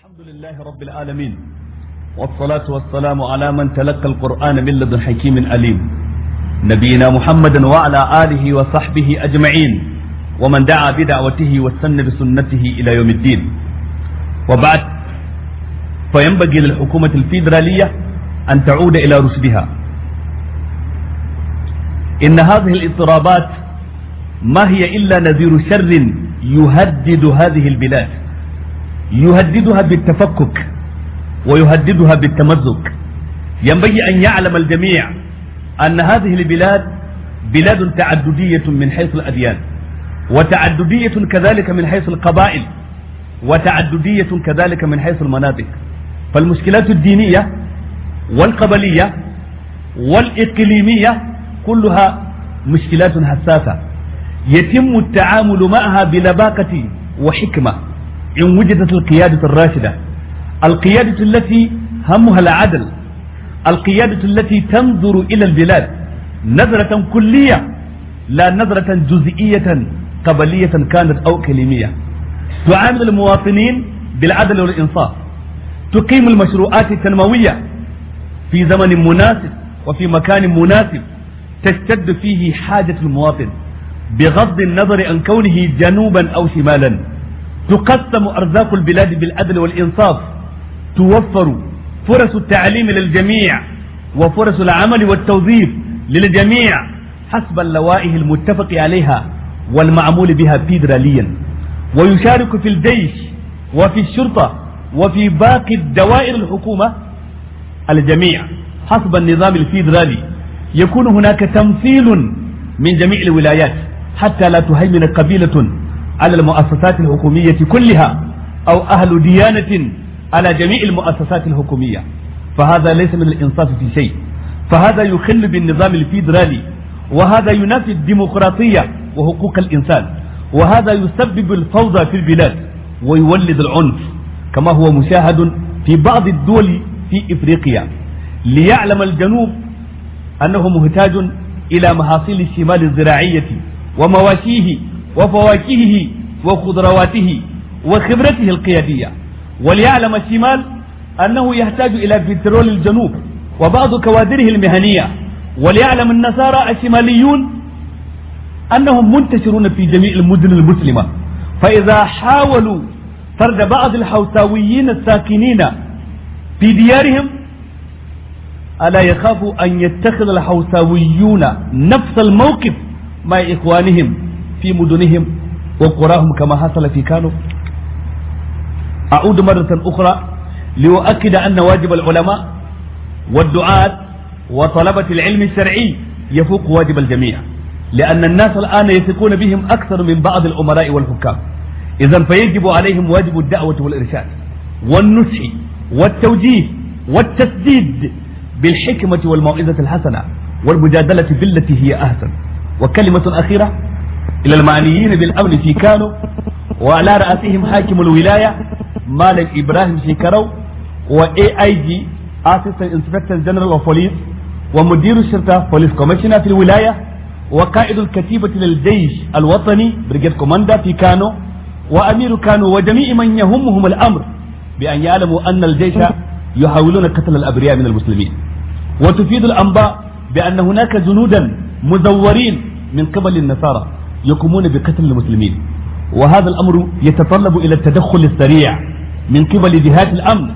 الحمد لله رب العالمين والصلاة والسلام على من تلقى القرآن من لدن حكيم عليم نبينا محمد وعلى آله وصحبه أجمعين ومن دعا بدعوته والسنة بسنته إلى يوم الدين وبعد فينبغي للحكومة الفيدرالية أن تعود إلى رشدها إن هذه الاضطرابات ما هي إلا نذير شر يهدد هذه البلاد يهددها بالتفكك ويهددها بالتمزق ينبغي أن يعلم الجميع أن هذه البلاد بلاد تعددية من حيث الأديان وتعددية كذلك من حيث القبائل وتعددية كذلك من حيث المناطق فالمشكلات الدينية والقبلية والإقليمية كلها مشكلات حساسة يتم التعامل معها بلباقة وحكمة إن وجدت القيادة الراشدة القيادة التي همها العدل القيادة التي تنظر إلى البلاد نظرة كلية لا نظرة جزئية قبلية كانت أو كلمية تعامل المواطنين بالعدل والإنصاف تقيم المشروعات التنموية في زمن مناسب وفي مكان مناسب تشتد فيه حاجة المواطن بغض النظر عن كونه جنوبا أو شمالا تقسم أرزاق البلاد بالعدل والإنصاف توفر فرص التعليم للجميع وفرص العمل والتوظيف للجميع حسب اللوائح المتفق عليها والمعمول بها فيدراليا ويشارك في الجيش وفي الشرطة وفي باقي الدوائر الحكومة الجميع حسب النظام الفيدرالي يكون هناك تمثيل من جميع الولايات حتى لا تهيمن قبيلة على المؤسسات الحكومية كلها أو أهل ديانة على جميع المؤسسات الحكومية فهذا ليس من الإنصاف في شيء فهذا يخل بالنظام الفيدرالي وهذا ينافي الديمقراطية وحقوق الإنسان وهذا يسبب الفوضى في البلاد ويولد العنف كما هو مشاهد في بعض الدول في إفريقيا ليعلم الجنوب أنه محتاج إلى محاصيل الشمال الزراعية ومواشيه وفواكهه وخضرواته وخبرته القيادية وليعلم الشمال أنه يحتاج إلى بترول الجنوب وبعض كوادره المهنية وليعلم النصارى الشماليون أنهم منتشرون في جميع المدن المسلمة فإذا حاولوا طرد بعض الحوثاويين الساكنين في ديارهم ألا يخافوا أن يتخذ الحوثاويون نفس الموقف مع إخوانهم في مدنهم وقراهم كما حصل في كانوا أعود مرة أخرى لأؤكد أن واجب العلماء والدعاة وطلبة العلم الشرعي يفوق واجب الجميع لأن الناس الآن يثقون بهم أكثر من بعض الأمراء والحكام إذا فيجب عليهم واجب الدعوة والإرشاد والنصح والتوجيه والتسديد بالحكمة والموعظة الحسنة والمجادلة بالتي هي أحسن وكلمة أخيرة إلى المعنيين بالأمن في كانو وعلى رأسهم حاكم الولاية مالك إبراهيم شيكرو و آي جي Inspector إنسبكتور جنرال أوف بوليس ومدير الشرطة بوليس كوميشنر في الولاية وقائد الكتيبة للجيش الوطني بريجيت كوماندا في كانو وأمير كانو وجميع من يهمهم الأمر بأن يعلموا أن الجيش يحاولون قتل الأبرياء من المسلمين وتفيد الأنباء بأن هناك جنودا مزورين من قبل النصارى يقومون بقتل المسلمين وهذا الأمر يتطلب إلى التدخل السريع من قبل جهات الأمن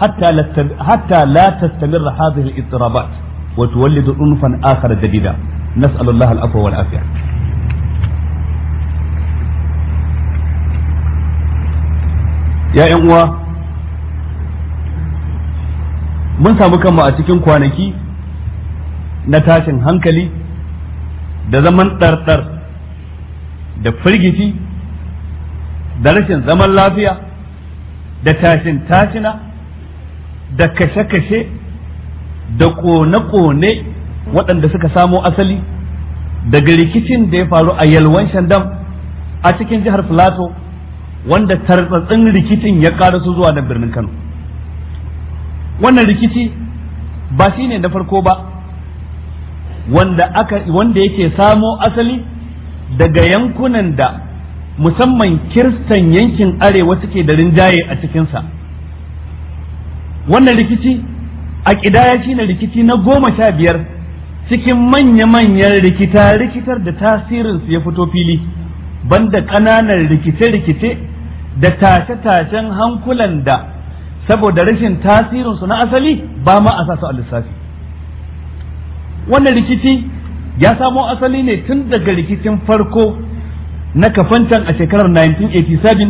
حتى لا حتى لا تستمر هذه الاضطرابات وتولد أنفا آخر جديدا نسأل الله العفو والعافية ya yan uwa mun samu kanmu a cikin kwanaki na tashin hankali da zaman ɗarɗar da firgici da rashin zaman lafiya da tashin tashina da kashe-kashe da ƙone-ƙone waɗanda suka samo asali daga rikicin da ya faru a yalwan shandam a cikin jihar filato wanda tartsatsin rikicin ya karasu zuwa da birnin kano wannan rikici ba shi ne na farko ba wanda yake samo asali daga yankunan da musamman kirsan yankin arewa suke da rinjaye a cikinsa wannan rikici a shi shine rikici na goma sha biyar cikin manya-manyan rikita rikitar da tasirinsu ya fito fili banda ƙananan rikice-rikice da tashe-tashen hankulan da saboda rashin tasirinsu na asali ba ma a sa a lissafi wannan rikici ya samo asali ne tun daga rikicin farko na kafantan a shekarar 1987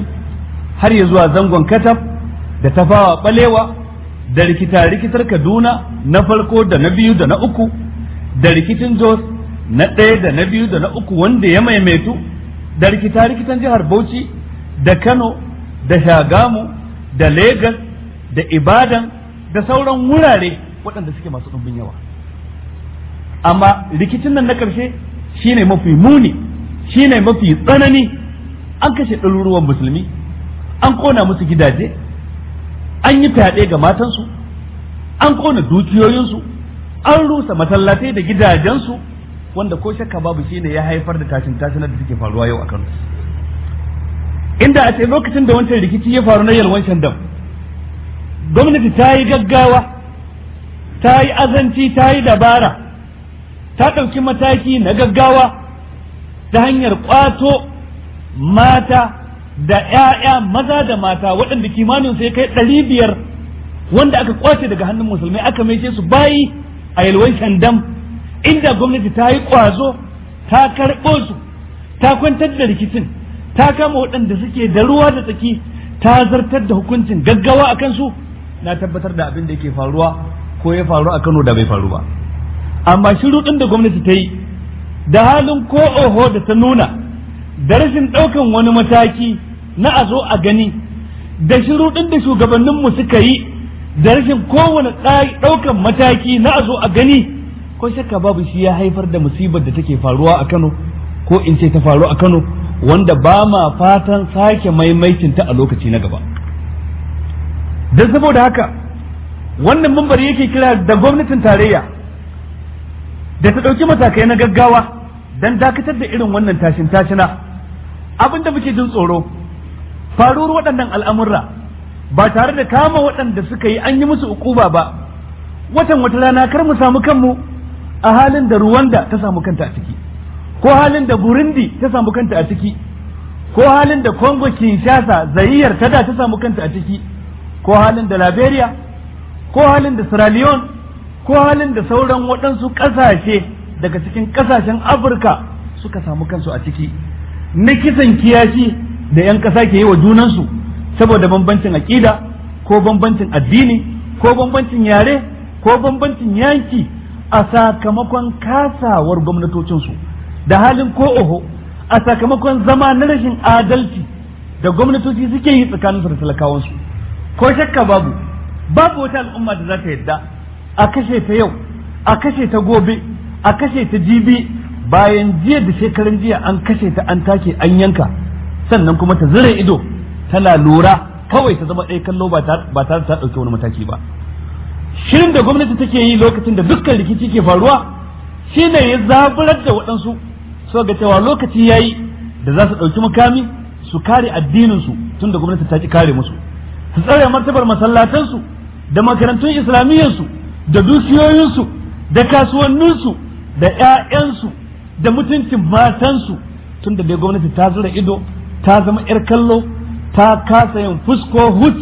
har ya zuwa zangon katab da tafawa balewa da rikita rikitar kaduna na farko da na biyu da na uku da rikicin jos na ɗaya da na biyu da na uku wanda ya maimaitu da rikita rikitan jihar bauchi da kano da shagamu da Legas da ibadan da sauran wurare waɗanda suke masu ɗumbin yawa amma rikicin nan na karshe shine mafi muni shine mafi tsanani an kashe ɗaruruwan musulmi an kona musu gidaje an yi fyaɗe ga matansu an kona dukiyoyinsu an rusa matallatai da gidajensu wanda ko shakka babu shine ya haifar da tashin tashin da suke faruwa yau a Kano inda a ce lokacin da wancan rikici ya faru na yalwan shandam gwamnati ta yi gaggawa ta yi azanci ta yi dabara ta ɗauki mataki na gaggawa ta hanyar ƙwato mata da ‘ya'ya maza da mata waɗanda kimanin sai kai ɗari biyar wanda aka ƙwace daga hannun musulmai aka mai su bayi a yalwan shandam inda gwamnati ta yi ƙwazo ta karɓo su ta kwantar da rikicin ta kama waɗanda suke da ruwa da tsaki ta zartar da hukuncin gaggawa a kansu na tabbatar da abin da yake faruwa ko ya faru a kano da bai faru ba. amma shiru din da gwamnati ta yi da halin ko oho da ta nuna da rashin ɗaukan wani mataki na a zo a gani da shiru din da shugabanninmu suka yi da rashin kowane ɗaukan mataki na a zo a gani ko shakka babu shi ya haifar da musibar da take faruwa a Kano ko in ce ta faru a Kano wanda ba ma fatan sake ta a lokaci na gaba don saboda haka wannan mambar yake kira da gwamnatin tarayya da ta ɗauki matakai na gaggawa don dakatar da irin wannan tashin tashina abin da muke jin tsoro faruwar waɗannan al'amurra ba tare da kama waɗanda suka yi an yi musu ukuba ba watan wata rana kar mu samu kanmu a halin da Ruwanda ta samu kanta a ciki ko halin da Burundi ta samu kanta a ciki ko halin da Kongo Kinshasa zayyar tada ta samu kanta a ciki ko halin da Liberia ko halin da Sierra ko halin da sauran waɗansu ƙasashe daga cikin ƙasashen afirka suka samu kansu a ciki na kisan kiyashi da 'yan ƙasa ke yi wa junansu saboda bambancin aƙida ko bambancin addini ko bambancin yare ko bambancin yanki a sakamakon kasawar gwamnatocinsu da halin ko oho a sakamakon zama na rashin adalci da gwamnatoci suke yi tsakaninsu da talakawansu ko shakka babu babu wata al'umma da za ta yadda a kashe ta yau a kashe ta gobe a kashe ta jibi bayan jiya da shekarun jiya an kashe ta an take an yanka sannan kuma ta zira ido tana lura kawai ta zama ɗaya kallo ba tare ta ɗauki wani mataki ba shirin da gwamnati take yi lokacin da dukkan rikici ke faruwa shine ya zaburar da waɗansu so ga cewa lokaci ya yi da za su ɗauki mukami su kare addininsu tun da gwamnati ta ki kare musu su tsare martabar masallatansu da makarantun islamiyyarsu da dukiyoyinsu da kasuwanninsu da 'ya'yansu da mutuncin matansu tun da dai gwamnati ta zura ido ta zama 'yar kallo ta kasa yin fusko hut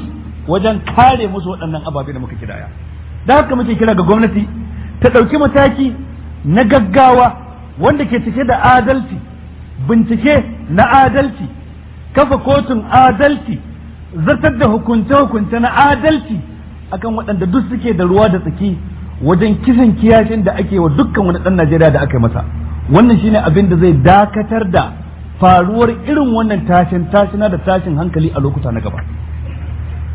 wajen kare musu waɗannan ababe da muka kiraya da haka muke kira ga gwamnati ta ɗauki mataki na gaggawa wanda ke cike da adalci bincike na adalci kafa kotun adalci zartar da hukunce-hukunce na adalci akan waɗanda duk suke da ruwa da tsaki wajen kisan kiyashin da ake wa dukkan wani ɗan Najeriya da aka yi masa wannan shine abin da zai dakatar da faruwar irin wannan tashin tashina da tashin hankali a lokuta na gaba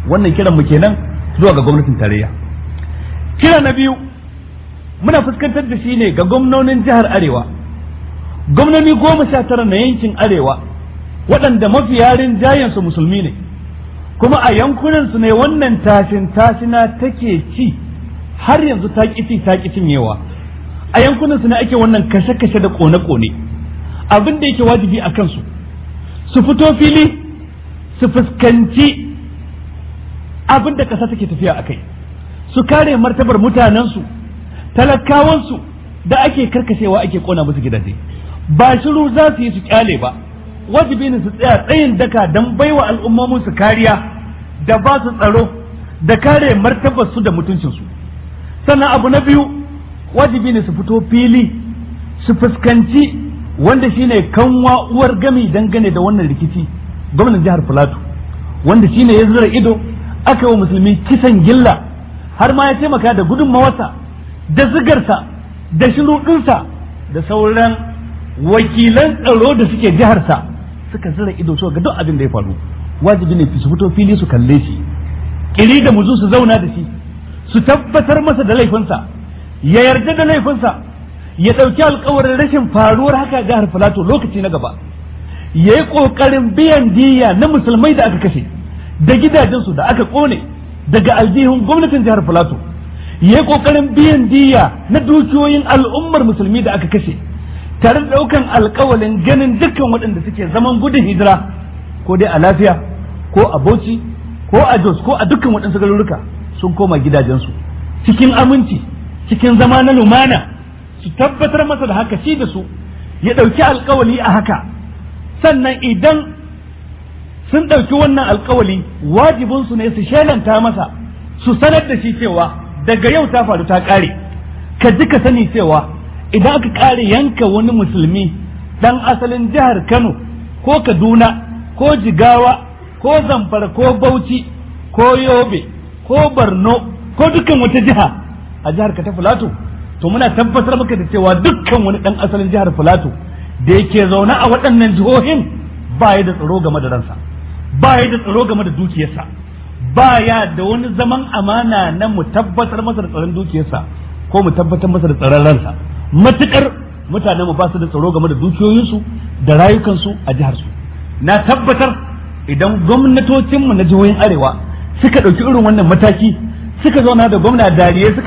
wannan kiran mu kenan zuwa ga gwamnatin tarayya kira na biyu muna fuskantar da shi ne ga gwamnonin jihar arewa gwamnoni goma sha tara na yankin arewa waɗanda mafiya rinjayensu musulmi ne kuma a yankunan su ne wannan tashin tashina take ci har yanzu ta ci ta cinyewa a yankunan su ne ake wannan kashe-kashe da kone-kone abin da yake wajibi a kansu su fito fili su fuskanci abin da ƙasa take tafiya a kai su kare martabar mutanensu talakawansu da ake karkashewa ake kona musu gidaje ba shiru za su yi su kyale ba wajibi ne su tsaya tsayin daka don baiwa al'ummomin su kariya da ba su tsaro da kare martabar su da mutuncin su sannan abu na biyu wajibi ne su fito fili su fuskanci wanda shine kanwa uwar gami dangane da wannan rikici gwamnan jihar Filato wanda shine ya zura ido aka wa musulmi kisan gilla har ma ya taimaka da mawasa da zigarsa da shiruɗinsa da sauran wakilan tsaro da suke jiharsa suka zira ido su ga duk abin da ya faru wajibi ne su fito fili su kalle shi kiri da muzu su zauna da shi su tabbatar masa da laifinsa ya yarda da laifinsa ya ɗauki alkawarin rashin faruwar haka ga harfalato lokaci na gaba ya yi ƙoƙarin biyan diyya na musulmai da aka kashe da gidajensu da aka ƙone daga aljihun gwamnatin jihar filato ya yi ƙoƙarin biyan diyya na dukiyoyin al'ummar musulmi da aka kashe tare da daukan alkawalin ganin dukkan waɗanda suke zaman gudun hijira ko dai a lafiya ko a bauchi ko a jos ko a dukkan waɗansu garuruka sun koma gidajensu cikin aminci cikin zama na lumana su tabbatar masa da haka shi da su ya ɗauki alkawali a haka sannan idan sun ɗauki wannan alkawali wajibinsu ne su shelanta masa su sanar da shi cewa daga yau ta faru ta ƙare ka ji ka sani cewa idan aka ƙare yanka wani musulmi dan asalin jihar Kano ko Kaduna ko Jigawa ko Zamfara ko Bauchi ko Yobe ko Borno ko dukkan wata jiha a jihar ka ta Filato to muna tabbatar maka da cewa dukkan wani dan asalin jihar Filato da yake zaune a waɗannan jihohin ba ya da tsaro game da ransa ba ya da tsaro game da dukiyarsa ba ya da wani zaman amana na mu tabbatar masa da tsaron dukiyarsa ko mu tabbatar masa da tsaron ransa matukar mutanen mu ba su da tsaro game da dukiyoyinsu da rayukansu a jihar su na tabbatar idan gwamnatocinmu na jihohin arewa suka ɗauki irin wannan mataki suka zauna da gwamna dariye suka